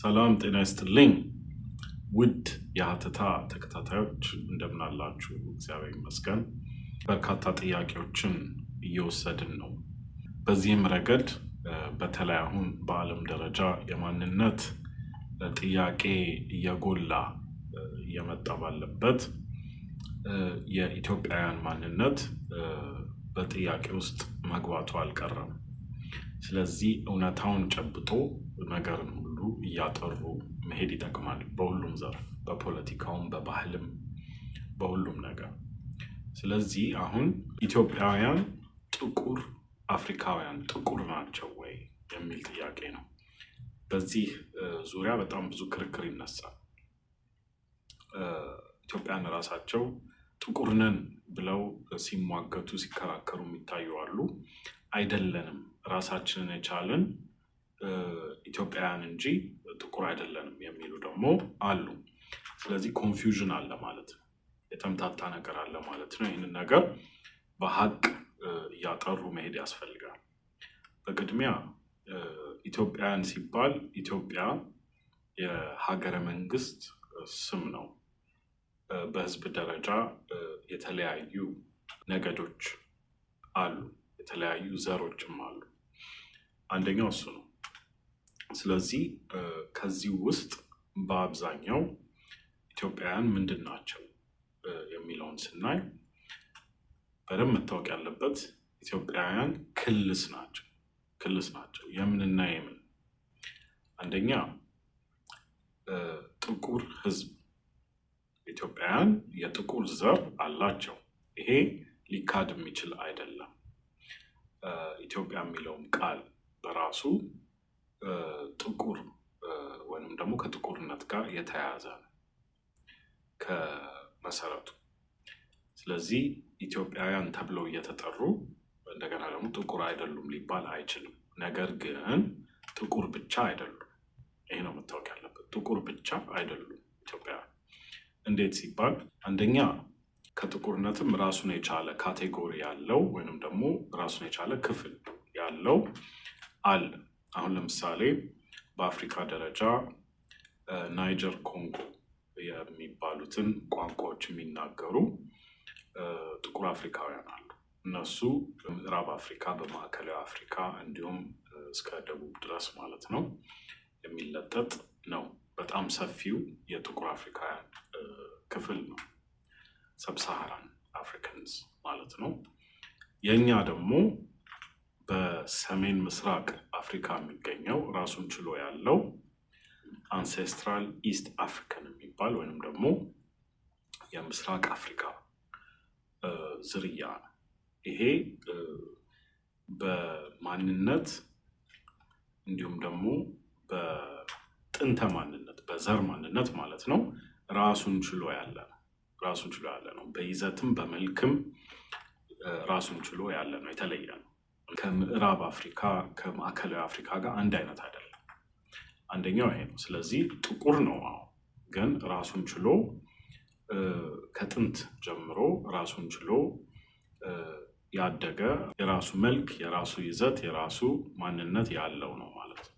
ሰላም ጤና ይስጥልኝ። ውድ የሀተታ ተከታታዮች እንደምን አላችሁ? እግዚአብሔር ይመስገን። በርካታ ጥያቄዎችን እየወሰድን ነው። በዚህም ረገድ በተለይ አሁን በዓለም ደረጃ የማንነት ጥያቄ እየጎላ እየመጣ ባለበት የኢትዮጵያውያን ማንነት በጥያቄ ውስጥ መግባቱ አልቀረም። ስለዚህ እውነታውን ጨብጦ ነገርን ሁሉ እያጠሩ መሄድ ይጠቅማል። በሁሉም ዘርፍ፣ በፖለቲካውም፣ በባህልም፣ በሁሉም ነገር። ስለዚህ አሁን ኢትዮጵያውያን ጥቁር አፍሪካውያን ጥቁር ናቸው ወይ የሚል ጥያቄ ነው። በዚህ ዙሪያ በጣም ብዙ ክርክር ይነሳል። ኢትዮጵያን ራሳቸው ጥቁር ነን ብለው ሲሟገቱ ሲከራከሩ የሚታዩ አሉ። አይደለንም ራሳችንን የቻለን ኢትዮጵያውያን እንጂ ጥቁር አይደለንም የሚሉ ደግሞ አሉ። ስለዚህ ኮንፊውዥን አለ ማለት ነው፣ የተምታታ ነገር አለ ማለት ነው። ይህንን ነገር በሀቅ እያጠሩ መሄድ ያስፈልጋል። በቅድሚያ ኢትዮጵያውያን ሲባል ኢትዮጵያ የሀገረ መንግስት ስም ነው። በህዝብ ደረጃ የተለያዩ ነገዶች አሉ፣ የተለያዩ ዘሮችም አሉ። አንደኛው እሱ ነው። ስለዚህ ከዚህ ውስጥ በአብዛኛው ኢትዮጵያውያን ምንድን ናቸው የሚለውን ስናይ በደንብ መታወቅ ያለበት ኢትዮጵያውያን ክልስ ናቸው። ክልስ ናቸው የምንና የምን አንደኛ ጥቁር ህዝብ ኢትዮጵያውያን የጥቁር ዘር አላቸው። ይሄ ሊካድ የሚችል አይደለም። ኢትዮጵያ የሚለውም ቃል በራሱ ጥቁር ወይም ደግሞ ከጥቁርነት ጋር የተያያዘ ነው ከመሰረቱ። ስለዚህ ኢትዮጵያውያን ተብለው እየተጠሩ እንደገና ደግሞ ጥቁር አይደሉም ሊባል አይችልም። ነገር ግን ጥቁር ብቻ አይደሉም። ይሄ ነው መታወቅ ያለበት። ጥቁር ብቻ አይደሉም ኢትዮጵያ። እንዴት ሲባል አንደኛ ከጥቁርነትም ራሱን የቻለ ካቴጎሪ ያለው ወይንም ደግሞ ራሱን የቻለ ክፍል ያለው አለ። አሁን ለምሳሌ በአፍሪካ ደረጃ ናይጀር ኮንጎ የሚባሉትን ቋንቋዎች የሚናገሩ ጥቁር አፍሪካውያን አሉ። እነሱ በምዕራብ አፍሪካ፣ በማዕከላዊ አፍሪካ እንዲሁም እስከ ደቡብ ድረስ ማለት ነው የሚለጠጥ ነው። በጣም ሰፊው የጥቁር አፍሪካውያን ክፍል ነው። ሰብሳሃራን አፍሪካንስ ማለት ነው። የእኛ ደግሞ በሰሜን ምስራቅ አፍሪካ የሚገኘው ራሱን ችሎ ያለው አንሴስትራል ኢስት አፍሪካን የሚባል ወይንም ደግሞ የምስራቅ አፍሪካ ዝርያ ነው። ይሄ በማንነት እንዲሁም ደግሞ በጥንተ ማንነት በዘር ማንነት ማለት ነው ራሱን ችሎ ያለ ነው። ራሱን ችሎ ያለ ነው። በይዘትም በመልክም ራሱን ችሎ ያለ ነው። የተለየ ነው። ከምዕራብ አፍሪካ ከማዕከላዊ አፍሪካ ጋር አንድ አይነት አይደለም። አንደኛው ይሄ ነው። ስለዚህ ጥቁር ነው ግን ራሱን ችሎ ከጥንት ጀምሮ ራሱን ችሎ ያደገ የራሱ መልክ፣ የራሱ ይዘት፣ የራሱ ማንነት ያለው ነው ማለት ነው።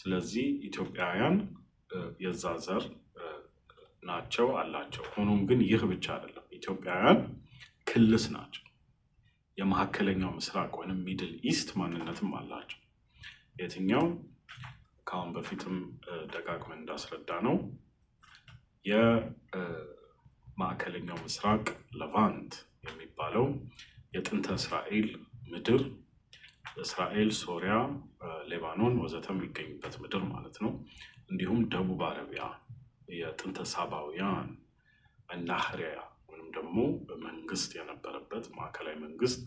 ስለዚህ ኢትዮጵያውያን የዛ ዘር ናቸው አላቸው። ሆኖም ግን ይህ ብቻ አይደለም። ኢትዮጵያውያን ክልስ ናቸው። የመካከለኛው ምስራቅ ወይም ሚድል ኢስት ማንነትም አላቸው። የትኛው ከአሁን በፊትም ደጋግመን እንዳስረዳ ነው የማዕከለኛው ምስራቅ ለቫንት የሚባለው የጥንተ እስራኤል ምድር እስራኤል፣ ሶሪያ፣ ሌባኖን ወዘተ የሚገኝበት ምድር ማለት ነው። እንዲሁም ደቡብ አረቢያ የጥንተ ሳባውያን ናህሪያ ደግሞ መንግስት የነበረበት ማዕከላዊ መንግስት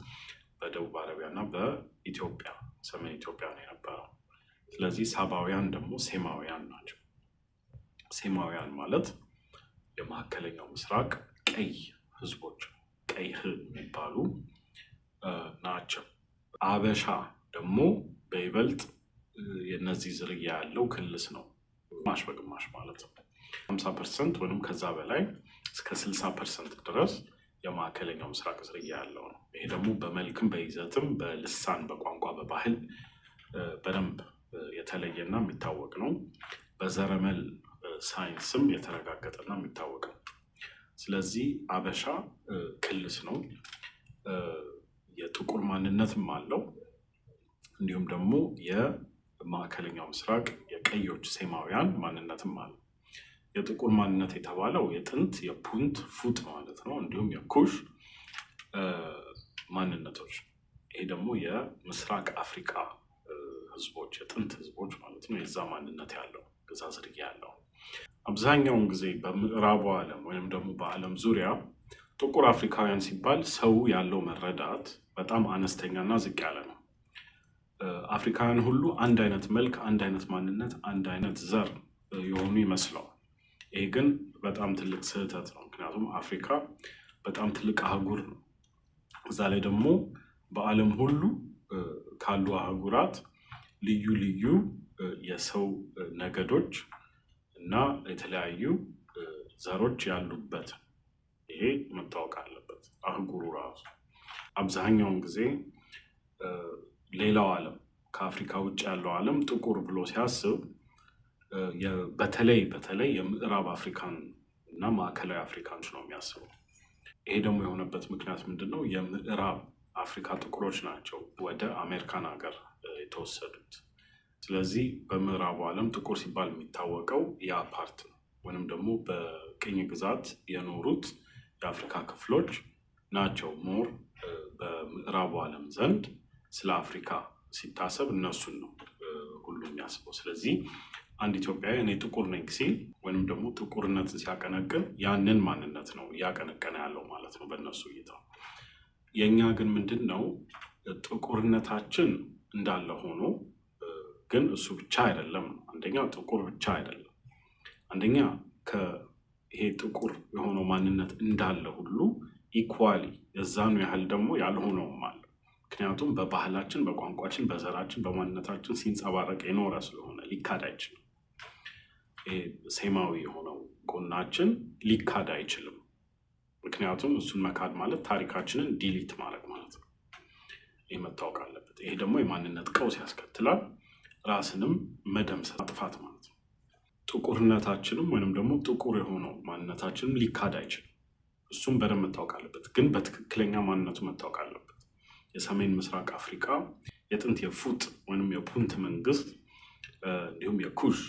በደቡብ አረቢያና በኢትዮጵያ ሰሜን ኢትዮጵያ ነው የነበረው። ስለዚህ ሳባውያን ደግሞ ሴማውያን ናቸው። ሴማውያን ማለት የማዕከለኛው ምስራቅ ቀይ ህዝቦች ቀይ የሚባሉ ናቸው። አበሻ ደግሞ በይበልጥ የነዚህ ዝርያ ያለው ክልስ ነው፣ ግማሽ በግማሽ ማለት ነው። 50 ፐርሰንት ወይም ከዛ በላይ እስከ 60 ፐርሰንት ድረስ የማዕከለኛው ምስራቅ ዝርያ ያለው ነው። ይሄ ደግሞ በመልክም በይዘትም በልሳን በቋንቋ በባህል በደንብ የተለየና የሚታወቅ ነው። በዘረመል ሳይንስም የተረጋገጠና የሚታወቅ ነው። ስለዚህ አበሻ ክልስ ነው። የጥቁር ማንነትም አለው። እንዲሁም ደግሞ የማዕከለኛው ምስራቅ የቀዮች ሴማውያን ማንነትም አለው። የጥቁር ማንነት የተባለው የጥንት የፑንት ፉት ማለት ነው። እንዲሁም የኩሽ ማንነቶች ይሄ ደግሞ የምስራቅ አፍሪካ ህዝቦች የጥንት ህዝቦች ማለት ነው። የዛ ማንነት ያለው ገዛ ዝርያ ያለው አብዛኛውን ጊዜ በምዕራቡ ዓለም ወይም ደግሞ በዓለም ዙሪያ ጥቁር አፍሪካውያን ሲባል ሰው ያለው መረዳት በጣም አነስተኛና ዝቅ ያለ ነው። አፍሪካውያን ሁሉ አንድ አይነት መልክ፣ አንድ አይነት ማንነት፣ አንድ አይነት ዘር የሆኑ ይመስለው ይሄ ግን በጣም ትልቅ ስህተት ነው። ምክንያቱም አፍሪካ በጣም ትልቅ አህጉር ነው። እዛ ላይ ደግሞ በዓለም ሁሉ ካሉ አህጉራት ልዩ ልዩ የሰው ነገዶች እና የተለያዩ ዘሮች ያሉበት ይሄ መታወቅ አለበት። አህጉሩ ራሱ አብዛኛውን ጊዜ ሌላው ዓለም ከአፍሪካ ውጭ ያለው ዓለም ጥቁር ብሎ ሲያስብ በተለይ በተለይ የምዕራብ አፍሪካን እና ማዕከላዊ አፍሪካን ነው የሚያስቡ። ይሄ ደግሞ የሆነበት ምክንያት ምንድን ነው? የምዕራብ አፍሪካ ጥቁሮች ናቸው ወደ አሜሪካን ሀገር የተወሰዱት። ስለዚህ በምዕራቡ ዓለም ጥቁር ሲባል የሚታወቀው ያ ፓርት ነው፣ ወይንም ደግሞ በቅኝ ግዛት የኖሩት የአፍሪካ ክፍሎች ናቸው። ሞር በምዕራቡ ዓለም ዘንድ ስለ አፍሪካ ሲታሰብ እነሱን ነው ሁሉ የሚያስበው። ስለዚህ አንድ ኢትዮጵያዊ እኔ ጥቁር ነኝ ሲል ወይም ደግሞ ጥቁርነት ሲያቀነቅን ያንን ማንነት ነው እያቀነቀነ ያለው ማለት ነው በእነሱ እይታ። የእኛ ግን ምንድን ነው ጥቁርነታችን እንዳለ ሆኖ ግን እሱ ብቻ አይደለም። አንደኛ ጥቁር ብቻ አይደለም። አንደኛ ይሄ ጥቁር የሆነው ማንነት እንዳለ ሁሉ ኢኳሊ የዛኑ ያህል ደግሞ ያልሆነውም አለ። ምክንያቱም በባህላችን፣ በቋንቋችን፣ በዘራችን፣ በማንነታችን ሲንጸባረቅ የኖረ ስለሆነ ሊካድ አይችልም። ሴማዊ የሆነው ጎናችን ሊካድ አይችልም። ምክንያቱም እሱን መካድ ማለት ታሪካችንን ዲሊት ማድረግ ማለት ነው። ይህ መታወቅ አለበት። ይሄ ደግሞ የማንነት ቀውስ ያስከትላል። ራስንም መደምሰ ማጥፋት ማለት ነው። ጥቁርነታችንም ወይንም ደግሞ ጥቁር የሆነው ማንነታችንም ሊካድ አይችልም። እሱም በደንብ መታወቅ አለበት፣ ግን በትክክለኛ ማንነቱ መታወቅ አለበት። የሰሜን ምስራቅ አፍሪካ የጥንት የፉጥ ወይም የፑንት መንግስት እንዲሁም የኩሽ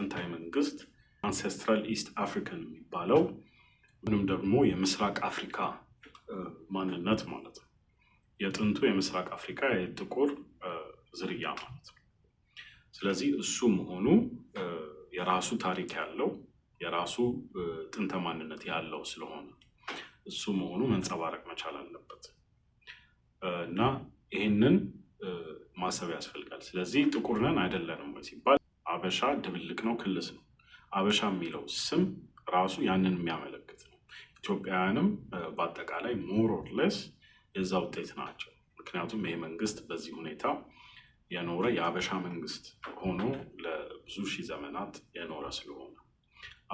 ጥንታዊ መንግስት አንሴስትራል ኢስት አፍሪካን የሚባለው ምንም ደግሞ የምስራቅ አፍሪካ ማንነት ማለት ነው። የጥንቱ የምስራቅ አፍሪካ የጥቁር ዝርያ ማለት ነው። ስለዚህ እሱ መሆኑ የራሱ ታሪክ ያለው የራሱ ጥንተ ማንነት ያለው ስለሆነ እሱ መሆኑ መንጸባረቅ መቻል አለበት እና ይህንን ማሰብ ያስፈልጋል። ስለዚህ ጥቁር ነን አይደለንም ሲባል አበሻ ድብልቅ ነው፣ ክልስ ነው። አበሻ የሚለው ስም ራሱ ያንን የሚያመለክት ነው። ኢትዮጵያውያንም በአጠቃላይ ሞር ኦር ሌስ የዛ ውጤት ናቸው። ምክንያቱም ይሄ መንግስት በዚህ ሁኔታ የኖረ የአበሻ መንግስት ሆኖ ለብዙ ሺህ ዘመናት የኖረ ስለሆነ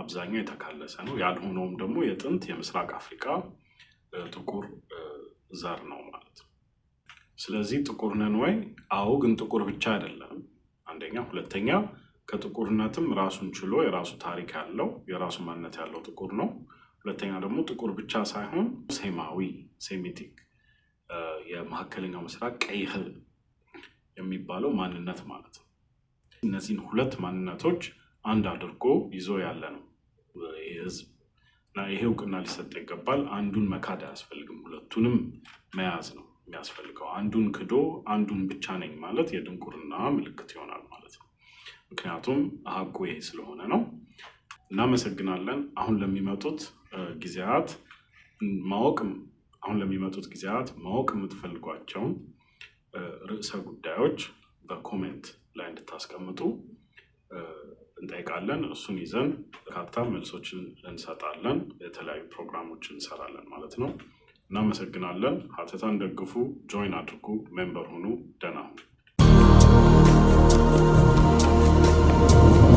አብዛኛው የተካለሰ ነው። ያልሆነውም ደግሞ የጥንት የምስራቅ አፍሪካ ጥቁር ዘር ነው ማለት ነው። ስለዚህ ጥቁር ነን ወይ? አዎ። ግን ጥቁር ብቻ አይደለም። አንደኛ፣ ሁለተኛ ከጥቁርነትም ራሱን ችሎ የራሱ ታሪክ ያለው የራሱ ማንነት ያለው ጥቁር ነው። ሁለተኛ ደግሞ ጥቁር ብቻ ሳይሆን ሴማዊ ሴሚቲክ የመካከለኛው ምስራቅ ቀይ የሚባለው ማንነት ማለት ነው። እነዚህን ሁለት ማንነቶች አንድ አድርጎ ይዞ ያለ ነው ይህ ህዝብ እና ይሄ እውቅና ሊሰጥ ይገባል። አንዱን መካድ አያስፈልግም። ሁለቱንም መያዝ ነው የሚያስፈልገው። አንዱን ክዶ አንዱን ብቻ ነኝ ማለት የድንቁርና ምልክት ይሆናል ማለት ነው። ምክንያቱም ሀቁ ስለሆነ ነው። እናመሰግናለን። አሁን ለሚመጡት ጊዜያት ማወቅ አሁን ለሚመጡት ጊዜያት ማወቅ የምትፈልጓቸውን ርዕሰ ጉዳዮች በኮሜንት ላይ እንድታስቀምጡ እንጠይቃለን። እሱን ይዘን በርካታ መልሶችን እንሰጣለን። የተለያዩ ፕሮግራሞች እንሰራለን ማለት ነው። እናመሰግናለን። ሀተታን ደግፉ፣ ጆይን አድርጉ፣ ሜምበር ሁኑ። ደህና ሁኑ። Thank you.